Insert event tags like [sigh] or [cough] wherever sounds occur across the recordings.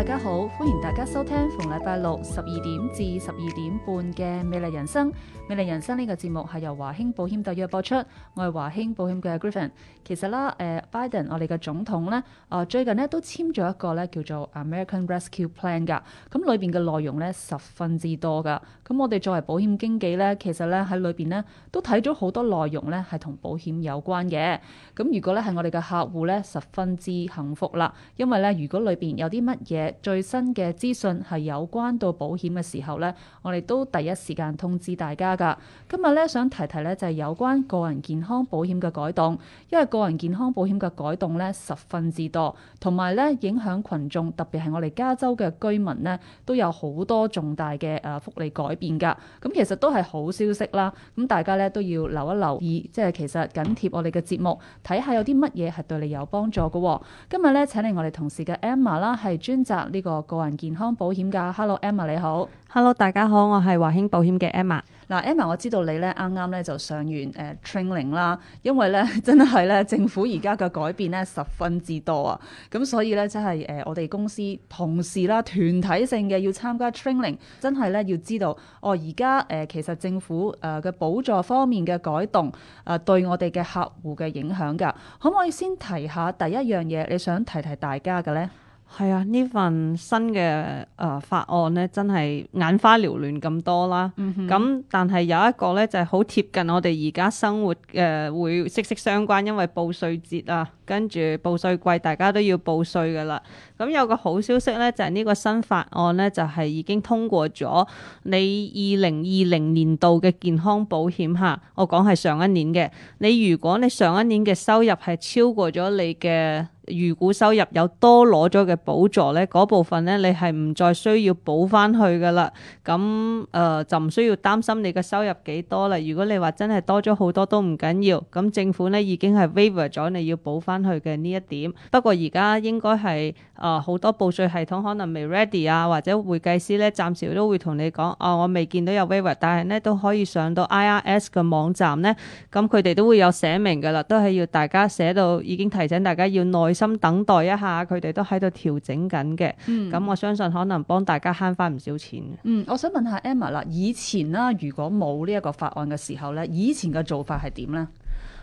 大家好，歡迎大家收聽逢禮拜六十二點至十二點半嘅《美麗人生》。《美麗人生》呢個節目係由華興保險特約播出，我係華興保險嘅 Griffin。其實啦，誒、呃，Biden 我哋嘅總統呢，啊、呃，最近呢都簽咗一個呢叫做 American Rescue Plan 噶，咁裏邊嘅內容呢十分之多噶。咁我哋作為保險經紀呢，其實呢喺裏邊呢都睇咗好多內容呢係同保險有關嘅。咁如果呢係我哋嘅客戶呢，十分之幸福啦，因為呢如果裏邊有啲乜嘢。最新嘅資訊係有關到保險嘅時候呢，我哋都第一時間通知大家噶。今日呢，想提提呢就係、是、有關個人健康保險嘅改動，因為個人健康保險嘅改動呢十分之多，同埋呢影響群眾，特別係我哋加州嘅居民呢，都有好多重大嘅誒福利改變噶。咁、嗯、其實都係好消息啦，咁、嗯、大家呢都要留一留意，即係其實緊貼我哋嘅節目，睇下有啲乜嘢係對你有幫助嘅、哦。今日呢，請嚟我哋同事嘅 Emma 啦，係專責。呢個個人健康保險噶，Hello Emma 你好，Hello 大家好，我係華興保險嘅 Emma。嗱 Emma 我知道你咧，啱啱咧就上完誒、呃、training 啦，因為咧真係咧政府而家嘅改變咧十分之多啊，咁所以咧真係誒、呃、我哋公司同事啦團體性嘅要參加 training，真係咧要知道哦，而家誒其實政府誒嘅補助方面嘅改動誒、呃、對我哋嘅客戶嘅影響噶，可唔可以先提下第一樣嘢你想提提大家嘅咧？係啊，呢份新嘅誒、呃、法案咧，真係眼花撩亂咁多啦。咁、嗯、哼但係有一個咧，就係好貼近我哋而家生活誒、呃，會息息相關，因為報稅節啊，跟住報稅季，大家都要報稅噶啦。咁有個好消息咧，就係、是、呢個新法案咧，就係、是、已經通過咗。你二零二零年度嘅健康保險嚇，我講係上一年嘅。你如果你上一年嘅收入係超過咗你嘅。預估收入有多攞咗嘅補助咧，部分咧你係唔再需要補翻去噶啦。咁誒、呃、就唔需要擔心你嘅收入幾多啦。如果你話真係多咗好多都唔緊要，咁政府咧已經係 w a i v e 咗你要補翻去嘅呢一點，不過而家應該係誒好多報稅系統可能未 ready 啊，或者會計師咧暫時都會同你講哦，我未見到有 w a i v e 但係咧都可以上到 IRS 嘅網站咧，咁佢哋都會有寫明噶啦，都係要大家寫到已經提醒大家要耐心心等待一下，佢哋都喺度調整緊嘅。嗯，咁我相信可能幫大家慳翻唔少錢。嗯，我想問下 Emma 啦，以前啦，如果冇呢一個法案嘅時候咧，以前嘅做法係點咧？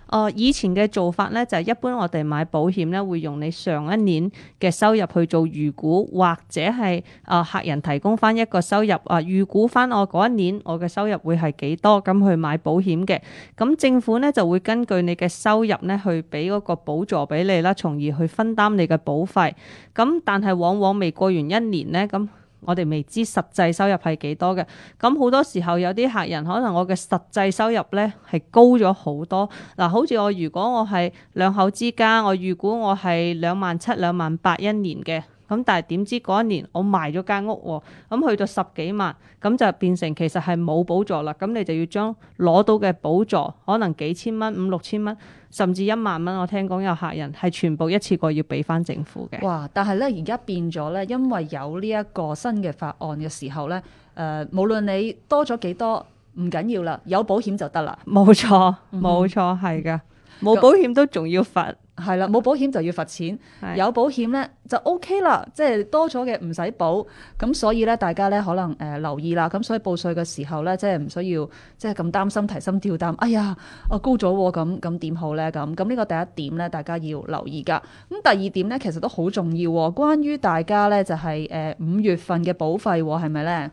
哦、呃，以前嘅做法咧，就係、是、一般我哋買保險咧，會用你上一年嘅收入去做預估，或者係啊、呃、客人提供翻一個收入啊預、呃、估翻我嗰一年我嘅收入會係幾多，咁去買保險嘅。咁政府咧就會根據你嘅收入咧去俾嗰個補助俾你啦，從而去分擔你嘅保費。咁但係往往未過完一年咧，咁，我哋未知實際收入係幾多嘅，咁好多時候有啲客人可能我嘅實際收入咧係高咗好多，嗱，好似我如果我係兩口之家，我預估我係兩萬七兩萬八一年嘅。咁但係點知嗰一年我賣咗間屋喎，咁去到十幾萬，咁就變成其實係冇補助啦。咁你就要將攞到嘅補助，可能幾千蚊、五六千蚊，甚至一萬蚊，我聽講有客人係全部一次過要俾翻政府嘅。哇！但係呢，而家變咗呢，因為有呢一個新嘅法案嘅時候呢，誒、呃、無論你多咗幾多唔緊要啦，有保險就得啦。冇錯，冇錯，係㗎、嗯哼。冇保險都仲要罰，係啦， [laughs] 冇保險就要罰錢。的有保險呢，就 O K 啦，即係多咗嘅唔使補。咁所以呢，大家呢可能誒留意啦。咁所以報稅嘅時候呢，即係唔需要即係咁擔心提心吊膽。哎呀，我、啊、高咗咁咁點好呢？咁咁呢個第一點呢，大家要留意噶。咁第二點呢，其實都好重要。關於大家是是呢，就係誒五月份嘅保費係咪呢？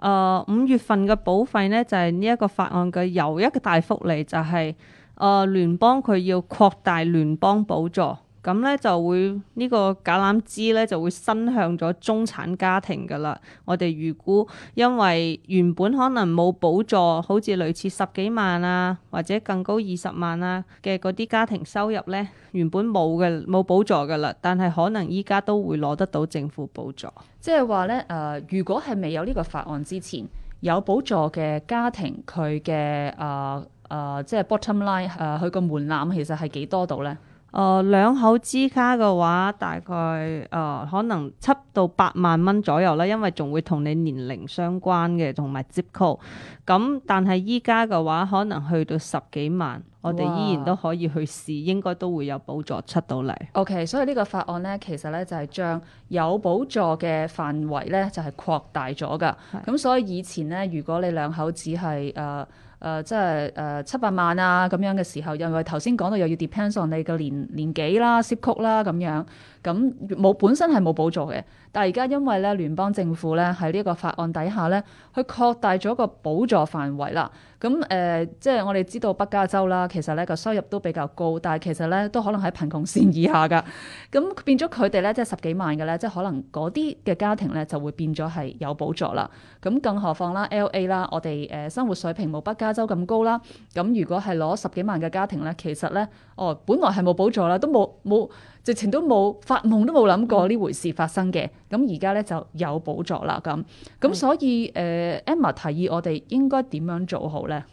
誒五月份嘅保費呢，就係呢一個法案嘅又一個大福利，就係、是。誒、呃、聯邦佢要擴大聯邦補助，咁呢就會呢、呢個橄欖枝呢就會伸向咗中產家庭嘅啦。我哋預估因為原本可能冇補助，好似類似十幾萬啊或者更高二十萬啊嘅嗰啲家庭收入呢，原本冇嘅冇補助嘅啦，但係可能依家都會攞得到政府補助。即係話呢，誒、呃、如果係未有呢個法案之前，有補助嘅家庭佢嘅誒。誒、呃，即係 bottom line，誒、呃，佢個門檻其實係幾多度呢？誒、呃，兩口之家嘅話，大概誒、呃，可能七到八萬蚊左右啦，因為仲會同你年齡相關嘅，同埋 zip code。咁但係依家嘅話，可能去到十幾萬，哇我哋依然都可以去試，應該都會有補助出到嚟。OK，所以呢個法案呢，其實呢就係、是、將有補助嘅範圍呢，就係、是、擴大咗㗎。咁是所以以前呢，如果你兩口子係誒，呃誒、呃、即係誒、呃、七百萬啊，咁樣嘅時候，又因為頭先講到又要 depends on 你嘅年年紀啦、zip code 啦咁樣，咁冇本身係冇補助嘅。但係而家因為咧聯邦政府咧喺呢一個法案底下咧，佢擴大咗個補助範圍啦。咁誒、呃，即係我哋知道北加州啦，其實咧個收入都比較高，但係其實咧都可能喺貧窮線以下噶。咁變咗佢哋咧，即係十幾萬嘅咧，即係可能嗰啲嘅家庭咧就會變咗係有補助啦。咁更何況啦，LA 啦，我哋誒、呃、生活水平冇北加州咁高啦。咁如果係攞十幾萬嘅家庭咧，其實咧，哦，本來係冇補助啦，都冇冇。直情都冇，發夢都冇諗過呢回事發生嘅。咁而家呢，就有補助啦，咁咁所以誒的、uh，Emma 提議我哋應該點樣做好呢？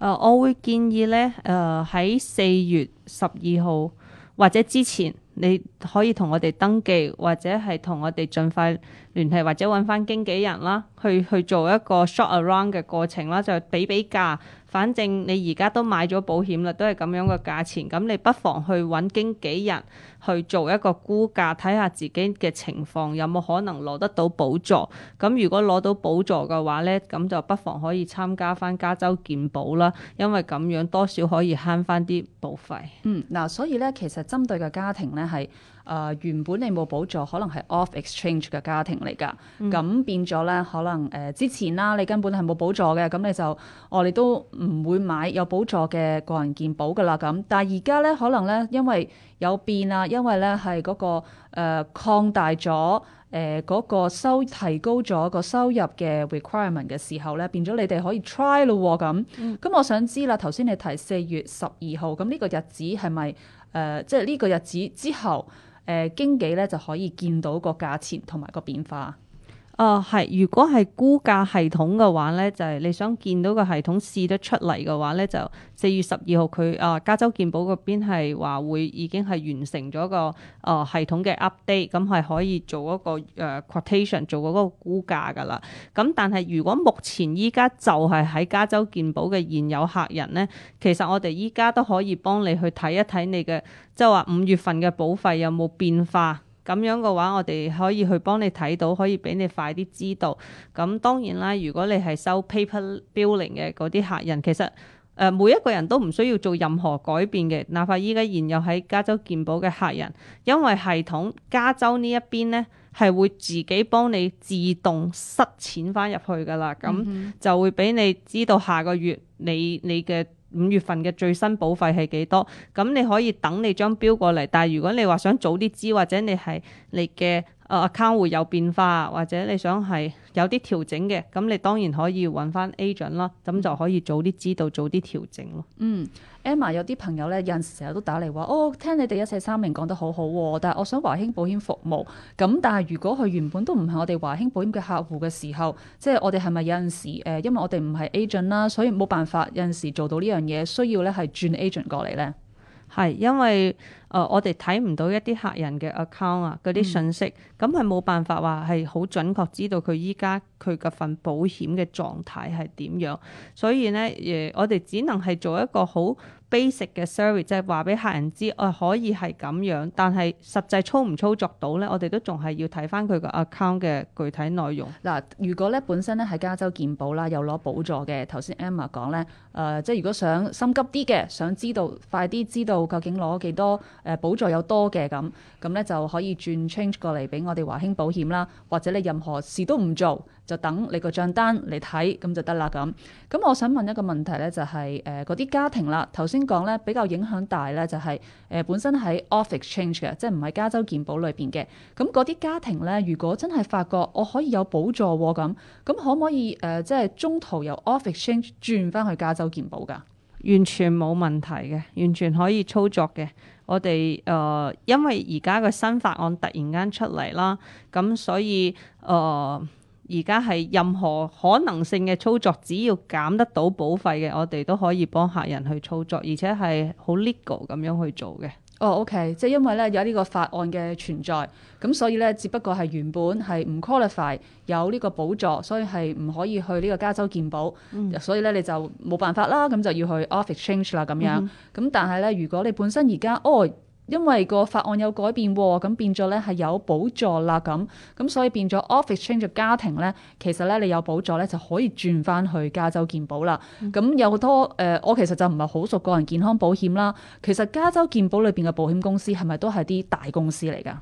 誒，uh, 我會建議呢，誒喺四月十二號或者之前，你可以同我哋登記，或者係同我哋盡快。聯繫或者揾翻經紀人啦，去去做一個 shop around 嘅過程啦，就比比價。反正你而家都買咗保險啦，都係咁樣嘅價錢。咁你不妨去揾經紀人去做一個估價，睇下自己嘅情況有冇可能攞得到補助。咁如果攞到補助嘅話呢，咁就不妨可以參加翻加州健保啦，因為咁樣多少可以慳翻啲保費。嗯，嗱，所以呢，其實針對嘅家庭呢係。誒、呃、原本你冇補助，可能係 off exchange 嘅家庭嚟㗎，咁、嗯、變咗咧，可能誒、呃、之前啦，你根本係冇補助嘅，咁你就我哋、哦、都唔會買有補助嘅個人健保㗎啦。咁但係而家咧，可能咧因為有變啦，因為咧係嗰個誒、呃、擴大咗誒嗰個收提高咗個收入嘅 requirement 嘅時候咧，變咗你哋可以 try 咯。咁咁、嗯、我想知啦，頭先你提四月十二號，咁呢個日子係咪誒即係呢個日子之後？誒經紀呢就可以見到個價錢同埋個變化。啊，係、呃、如果係估價系統嘅話咧，就係、是、你想見到個系統試得出嚟嘅話咧，就四月十二號佢啊加州健保嗰邊係話會已經係完成咗個啊、呃、系統嘅 update，咁係可以做一個誒、呃、quotation 做嗰個估價噶啦。咁、嗯、但係如果目前依家就係喺加州健保嘅現有客人咧，其實我哋依家都可以幫你去睇一睇你嘅，即係話五月份嘅保費有冇變化。咁樣嘅話，我哋可以去幫你睇到，可以俾你快啲知道。咁當然啦，如果你係收 paper billing 嘅嗰啲客人，其實誒、呃、每一個人都唔需要做任何改變嘅，哪怕依家現有喺加州健保嘅客人，因為系統加州呢一邊呢係會自己幫你自動塞錢翻入去噶啦，咁、嗯、哼就會俾你知道下個月你你嘅。五月份嘅最新保費係幾多？咁你可以等你張表過嚟，但係如果你話想早啲知，或者你係你嘅。誒、uh, account 會有變化，或者你想係有啲調整嘅，咁你當然可以揾翻 agent 咯，咁就可以早啲知道，早啲調整咯。嗯，Emma 有啲朋友咧，有陣時成日都打嚟話，哦，聽你哋一四三零講得好好、哦、喎，但係我想華興保險服務，咁但係如果佢原本都唔係我哋華興保險嘅客戶嘅時候，即、就、係、是、我哋係咪有陣時誒、呃，因為我哋唔係 agent 啦，所以冇辦法有陣時做到呢樣嘢，需要咧係轉 agent 過嚟咧，係因為。誒、呃，我哋睇唔到一啲客人嘅 account 啊，嗰啲信息，咁係冇辦法話係好準確知道佢依家佢嘅份保險嘅狀態係點樣，所以呢，誒、呃，我哋只能係做一個好 basic 嘅 survey，即係話俾客人知，誒、呃、可以係咁樣，但係實際操唔操作到呢，我哋都仲係要睇翻佢個 account 嘅具體內容。嗱，如果咧本身咧喺加州健保啦，有攞補助嘅，頭先 Emma 講咧，誒、呃，即係如果想心急啲嘅，想知道快啲知道究竟攞幾多。誒，補助有多嘅咁，咁咧就可以轉 change 過嚟俾我哋華興保險啦，或者你任何事都唔做，就等你個賬單嚟睇咁就得啦咁。咁我想問一個問題咧，就係誒嗰啲家庭啦，頭先講咧比較影響大咧，就係、是、誒、呃、本身喺 off exchange 嘅，即係唔喺加州健保裏邊嘅。咁嗰啲家庭咧，如果真係發覺我可以有補助喎，咁咁可唔可以誒、呃、即係中途由 off exchange 轉翻去加州健保噶？完全冇問題嘅，完全可以操作嘅。我哋誒、呃，因為而家個新法案突然間出嚟啦，咁所以誒，而家係任何可能性嘅操作，只要減得到保費嘅，我哋都可以幫客人去操作，而且係好 legal 咁樣去做嘅。哦、oh，OK，即係因為咧有呢個法案嘅存在，咁所以咧只不過係原本係唔 qualify 有呢個補助，所以係唔可以去呢個加州健保，嗯、所以咧你就冇辦法啦，咁就要去 off exchange 啦咁樣。咁、嗯、哼但係咧，如果你本身而家哦。因為個法案有改變喎，咁變咗咧係有補助啦，咁咁所以變咗 off exchange 嘅家庭咧，其實咧你有補助咧就可以轉翻去加州健保啦。咁有好多誒、呃，我其實就唔係好熟個人健康保險啦。其實加州健保裏邊嘅保險公司係咪都係啲大公司嚟㗎？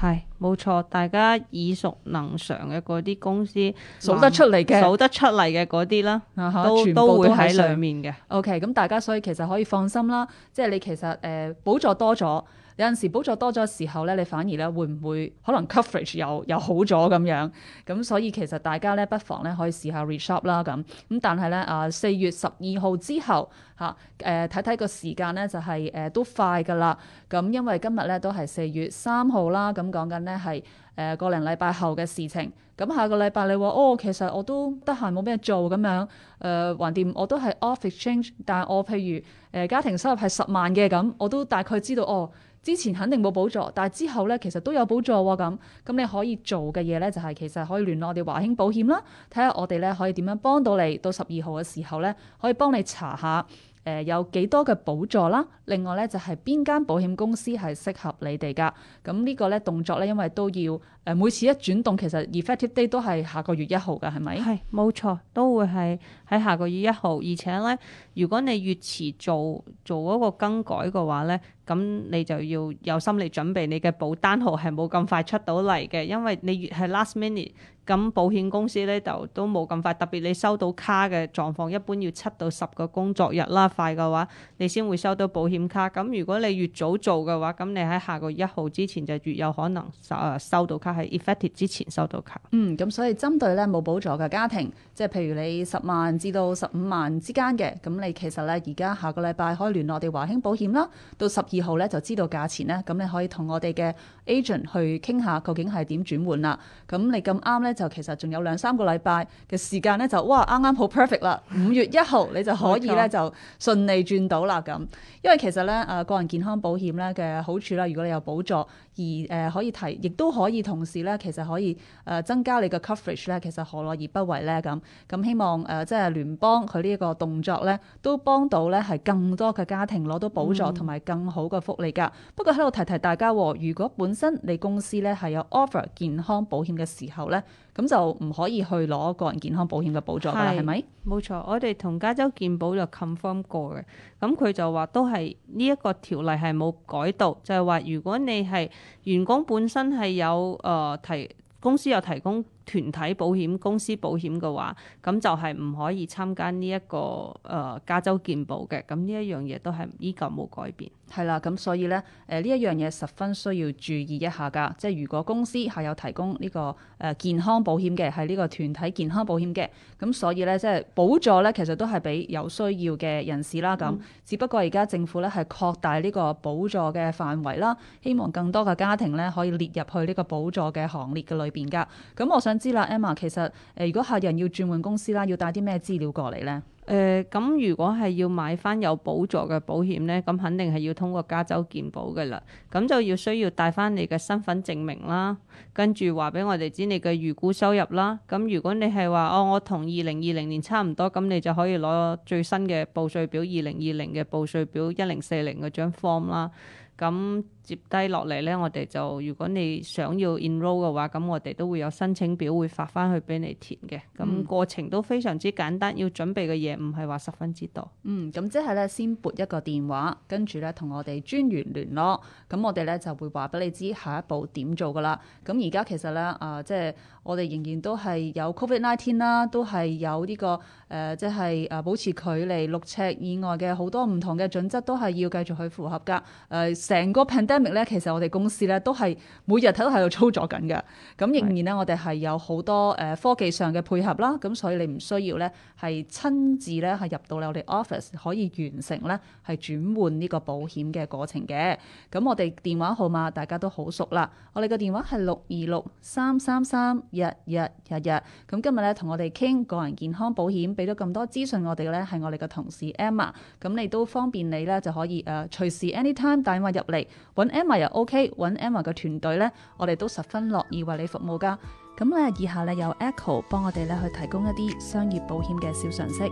係冇錯，大家耳熟能詳嘅嗰啲公司數得出嚟嘅，數得出嚟嘅嗰啲啦，啊、哈都全部都會喺裏面嘅。OK，咁大家所以其實可以放心啦，即係你其實誒、呃、補助多咗。有陣時補助多咗時候咧，你反而咧會唔會可能 coverage 又又好咗咁樣？咁所以其實大家咧不妨咧可以試下 reshop 啦咁。咁但係咧啊，四月十二號之後嚇誒，睇睇個時間咧就係、是、誒、呃、都快㗎啦。咁、啊、因為今呢日咧都係四月三號啦，咁講緊咧係誒個零禮拜後嘅事情。咁、啊、下個禮拜你話哦，其實我都得閒冇咩做咁樣誒，橫、呃、掂我都係 off exchange，但係我譬如誒、呃、家庭收入係十萬嘅咁，我都大概知道哦。之前肯定冇補助，但係之後呢，其實都有補助喎、哦。咁咁你可以做嘅嘢呢，就係、是、其實可以聯絡我哋華興保險啦，睇下我哋呢可以點樣幫到你。到十二號嘅時候呢，可以幫你查下誒、呃、有幾多嘅補助啦。另外呢，就係、是、邊間保險公司係適合你哋㗎。咁呢個呢動作呢，因為都要。誒，每次一轉動，其實 effective day 都係下個月一號㗎，係咪？係，冇錯，都會係喺下個月一號。而且咧，如果你越遲做做嗰個更改嘅話咧，咁你就要有心理準備，你嘅保單號係冇咁快出到嚟嘅，因為你越係 last minute，咁保險公司咧就都冇咁快。特別你收到卡嘅狀況，一般要七到十個工作日啦，快嘅話你先會收到保險卡。咁如果你越早做嘅話，咁你喺下個月一號之前就越有可能收收到卡。喺 effective 之前收到卡。嗯，咁所以針對咧冇補助嘅家庭，即係譬如你十萬至到十五萬之間嘅，咁你其實咧而家下個禮拜可以聯絡我哋華興保險啦。到十二號咧就知道價錢咧，咁你可以同我哋嘅 agent 去傾下，究竟係點轉換啦。咁你咁啱咧，就其實仲有兩三個禮拜嘅時間咧，就哇啱啱好 perfect 啦！五月一號你就可以咧 [laughs] 錯就順利轉到啦咁。因為其實咧誒、呃、個人健康保險咧嘅好處啦，如果你有補助而誒、呃、可以提，亦都可以同。是咧，其實可以誒增加你嘅 coverage 咧，其實何樂而不為咧？咁咁希望誒、呃、即係聯邦佢呢一個動作咧，都幫到咧係更多嘅家庭攞到補助同埋、嗯、更好嘅福利㗎。不過喺度提提大家，如果本身你公司咧係有 offer 健康保險嘅時候咧，咁就唔可以去攞個人健康保險嘅補助㗎啦，係咪是？冇吧錯，我哋同加州健保就 confirm 過嘅，咁佢就話都係呢一個條例係冇改到，就係、是、話如果你係員工本身係有誒。呃誒、呃、提公司有提供團體保險、公司保險嘅話，咁就係唔可以參加呢、這、一個誒、呃、加州健保嘅，咁呢一樣嘢都係依舊冇改變。係啦，咁所以咧，誒、呃、呢一樣嘢十分需要注意一下㗎。即係如果公司係有提供呢、這個誒、呃、健康保險嘅，係呢個團體健康保險嘅，咁所以咧，即係補助咧，其實都係俾有需要嘅人士啦。咁，只不過而家政府咧係擴大呢個補助嘅範圍啦，希望更多嘅家庭咧可以列入去呢個補助嘅行列嘅裏邊㗎。咁我想知啦，Emma，其實誒、呃、如果客人要轉換公司啦，要帶啲咩資料過嚟咧？誒咁、呃嗯，如果係要買翻有補助嘅保險咧，咁、嗯、肯定係要通過加州健保嘅啦。咁、嗯、就要需要帶翻你嘅身份證明啦，跟住話俾我哋知你嘅預估收入啦。咁、嗯、如果你係話哦，我同二零二零年差唔多，咁、嗯、你就可以攞最新嘅報稅表，二零二零嘅報稅表一零四零嗰張 form 啦。咁、嗯嗯接低落嚟咧，我哋就如果你想要 enroll 嘅話，咁我哋都會有申請表會發翻去俾你填嘅。咁過程都非常之簡單，要準備嘅嘢唔係話十分之多。嗯，咁、嗯嗯、即係咧，先撥一個電話，呢跟住咧同我哋專員聯絡，咁、嗯、我哋咧就會話俾你知下一步點做噶啦。咁而家其實咧啊、呃，即係我哋仍然都係有 Covid nineteen 啦，19, 都係有呢、這個誒、呃、即係誒保持距離六尺以外嘅好多唔同嘅準則都係要繼續去符合噶。誒、呃、成個 pandemic。生命咧，其實我哋公司咧都係每日睇都喺度操作緊嘅。咁仍然呢，我哋係有好多誒科技上嘅配合啦。咁所以你唔需要呢係親自呢係入到嚟我哋 office 可以完成呢係轉換呢個保險嘅過程嘅。咁我哋電話號碼大家都好熟啦。我哋嘅電話係六二六三三三一一一一。咁今日呢，同我哋傾個人健康保險，俾咗咁多資訊我哋呢係我哋嘅同事 Emma。咁你都方便你呢就可以誒隨時 anytime 帶我入嚟 Emma 又 OK，搵 Emma 嘅團隊呢，我哋都十分樂意為你服務噶。咁咧，以下呢，由 Echo 幫我哋咧去提供一啲商業保險嘅小常識。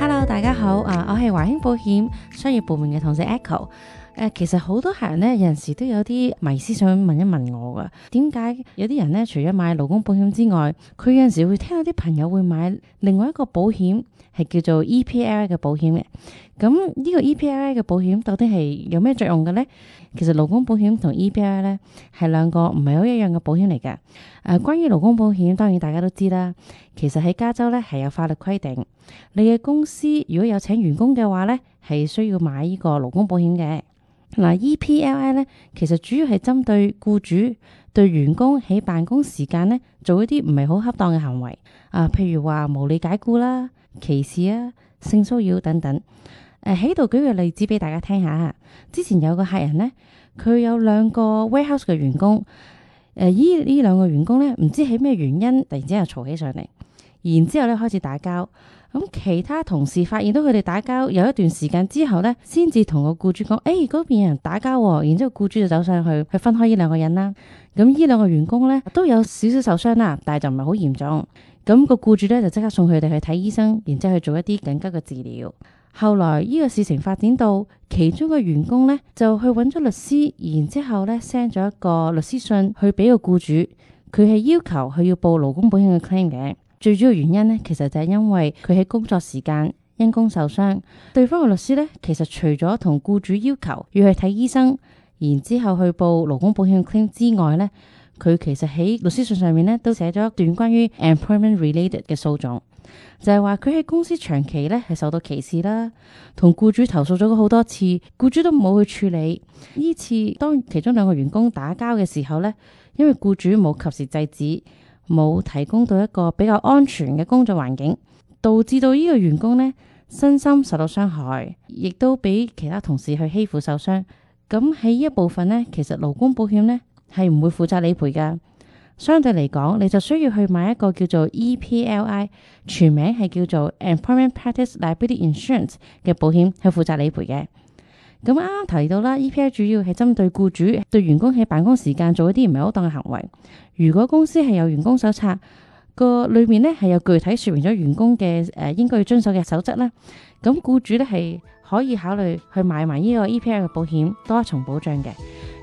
Hello，大家好啊，我係華興保險商業部門嘅同事 Echo。誒，其實好多客人咧，有陣時都有啲迷思，想問一問我噶，點解有啲人咧，除咗買勞工保險之外，佢有陣時會聽到啲朋友會買另外一個保險係叫做 EPL 嘅保險嘅。咁呢個 EPL 嘅保險到底係有咩作用嘅咧？其實勞工保險同 EPL 咧係兩個唔係好一樣嘅保險嚟嘅。誒、啊，關於勞工保險，當然大家都知啦。其實喺加州咧係有法律規定，你嘅公司如果有請員工嘅話咧，係需要買呢個勞工保險嘅。嗱，EPLI 咧，e、其實主要係針對僱主對員工喺辦公時間咧做一啲唔係好恰當嘅行為，啊，譬如話無理解僱啦、歧視啊、性騷擾等等。誒、呃，喺度舉個例子俾大家聽下。之前有個客人咧，佢有兩個 warehouse 嘅員工，誒、呃，依呢兩個員工咧，唔知係咩原因，突然之間嘈起上嚟，然之後咧開始打交。咁其他同事發現到佢哋打交，有一段時間之後咧，先至同個僱主講：誒、哎、嗰邊有人打交，然之後僱主就走上去去分開呢兩個人啦。咁呢兩個員工咧都有少少受傷啦，但係就唔係好嚴重。咁個僱主咧就即刻送佢哋去睇醫生，然之後去做一啲緊急嘅治療。後來呢個事情發展到其中個員工咧就去揾咗律師，然之後咧 send 咗一個律師信去俾個僱主，佢係要求佢要報勞工保險嘅 claim 嘅。最主要原因咧，其實就係因為佢喺工作時間因公受傷。對方嘅律師咧，其實除咗同僱主要求要去睇醫生，然之後去報勞工保險 claim 之外咧，佢其實喺律師信上面咧都寫咗一段關於 employment related 嘅訴訟，就係話佢喺公司長期咧係受到歧視啦，同僱主投訴咗好多次，僱主都冇去處理。呢次當其中兩個員工打交嘅時候咧，因為僱主冇及時制止。冇提供到一個比較安全嘅工作環境，導致到呢個員工咧身心受到傷害，亦都俾其他同事去欺負受傷。咁喺呢一部分咧，其實勞工保險咧係唔會負責理賠噶。相對嚟講，你就需要去買一個叫做 EPLI，全名係叫做 Employment Practices Liability Insurance 嘅保險，係負責理賠嘅。咁啱啱提到啦 EPI 主要係針對雇主對員工喺辦公時間做一啲唔係好當嘅行為。如果公司係有員工手冊，個裏面咧係有具體說明咗員工嘅誒應該要遵守嘅守則咧，咁雇主咧係可以考慮去買埋呢個 EPI 嘅保險，多一重保障嘅。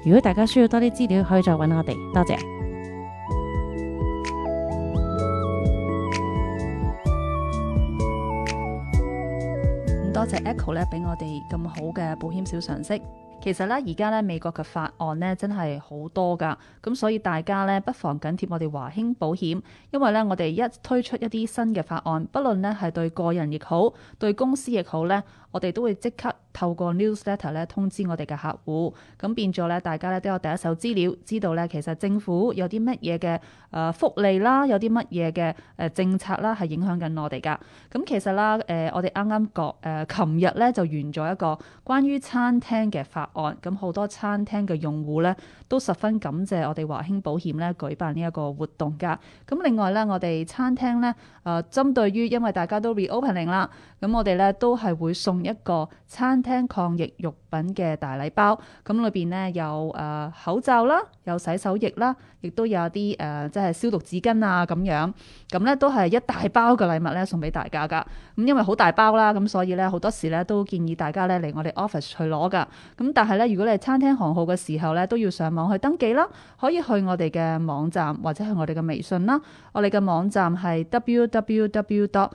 如果大家需要多啲資料，可以再搵我哋。多謝。多謝 Echo 咧，俾我哋咁好嘅保險小常識。其實咧，而家咧美國嘅法案咧真係好多噶，咁所以大家咧不妨緊貼我哋華興保險，因為咧我哋一推出一啲新嘅法案，不論咧係對個人亦好，對公司亦好咧。我哋都會即刻透過 newsletter 咧通知我哋嘅客戶，咁變咗咧，大家咧都有第一手資料，知道咧其實政府有啲乜嘢嘅誒福利啦，有啲乜嘢嘅誒政策啦，係影響緊我哋噶。咁其實啦，誒、呃、我哋啱啱講誒，琴日咧就完咗一個關於餐廳嘅法案，咁好多餐廳嘅用戶咧都十分感謝我哋華興保險咧舉辦呢一個活動噶。咁另外咧，我哋餐廳咧誒，針、呃、對於因為大家都 reopening 啦，咁我哋咧都係會送。一個餐廳抗疫用品嘅大禮包，咁裏邊呢有誒口罩啦，有洗手液啦，亦都有啲誒、呃、即係消毒紙巾啊咁樣，咁呢都係一大包嘅禮物呢送俾大家噶。咁因為好大包啦，咁所以呢好多時呢都建議大家呢嚟我哋 office 去攞噶。咁但係呢，如果你係餐廳行號嘅時候呢，都要上網去登記啦，可以去我哋嘅網站或者去我哋嘅微信啦。我哋嘅網站係 www.kcal.net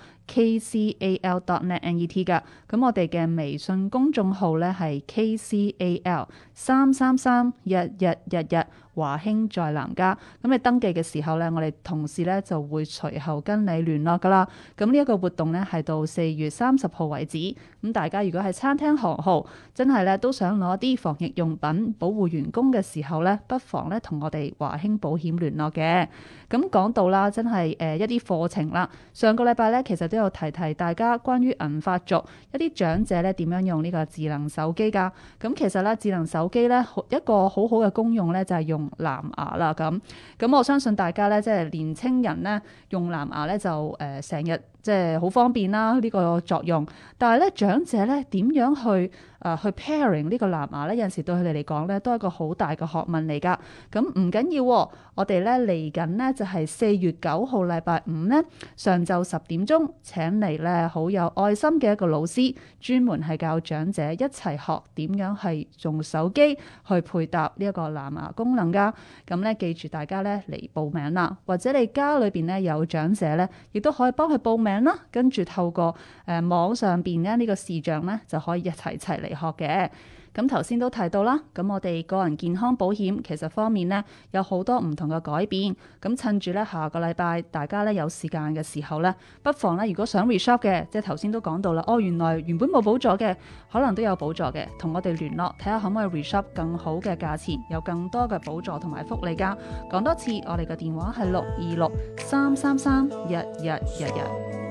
咁我。我哋嘅微信公眾號咧係 KCAL 三三三一一一一。華興在南家，咁你登記嘅時候呢，我哋同事呢就會隨後跟你聯絡噶啦。咁呢一個活動呢，係到四月三十號為止。咁大家如果係餐廳行號，真係呢都想攞啲防疫用品保護員工嘅時候呢，不妨呢同我哋華興保險聯絡嘅。咁講到啦，真係誒、呃、一啲課程啦。上個禮拜呢，其實都有提提大家關於銀髮族一啲長者呢點樣用呢個智能手機噶。咁其實呢，智能手機呢一個好好嘅功用呢，就係、是、用。藍牙啦，咁咁我相信大家咧，即係年青人咧用藍牙咧就誒成日。即係好方便啦、啊、呢、這個作用。但係咧，長者咧點樣去啊、呃、去 pairing 呢個藍牙咧？有陣時對佢哋嚟講咧，都係一個好大嘅學問嚟㗎。咁、嗯、唔緊要、啊，我哋咧嚟緊咧就係四月九號禮拜五咧，上晝十點鐘請嚟咧好有愛心嘅一個老師，專門係教長者一齊學點樣係用手機去配搭呢一個藍牙功能㗎。咁、嗯、咧記住大家咧嚟報名啦，或者你家裏邊咧有長者咧，亦都可以幫佢報名。跟住透過誒網上邊呢，呢個視像呢，就可以一齊一齊嚟學嘅。咁頭先都提到啦，咁我哋個人健康保險其實方面呢，有好多唔同嘅改變。咁趁住呢下個禮拜大家呢有時間嘅時候呢，不妨呢，如果想 reshop 嘅，即係頭先都講到啦，哦原來原本冇補助嘅，可能都有補助嘅，同我哋聯絡睇下可唔可以 reshop 更好嘅價錢，有更多嘅補助同埋福利㗎。講多次，我哋嘅電話係六二六三三三一一一一。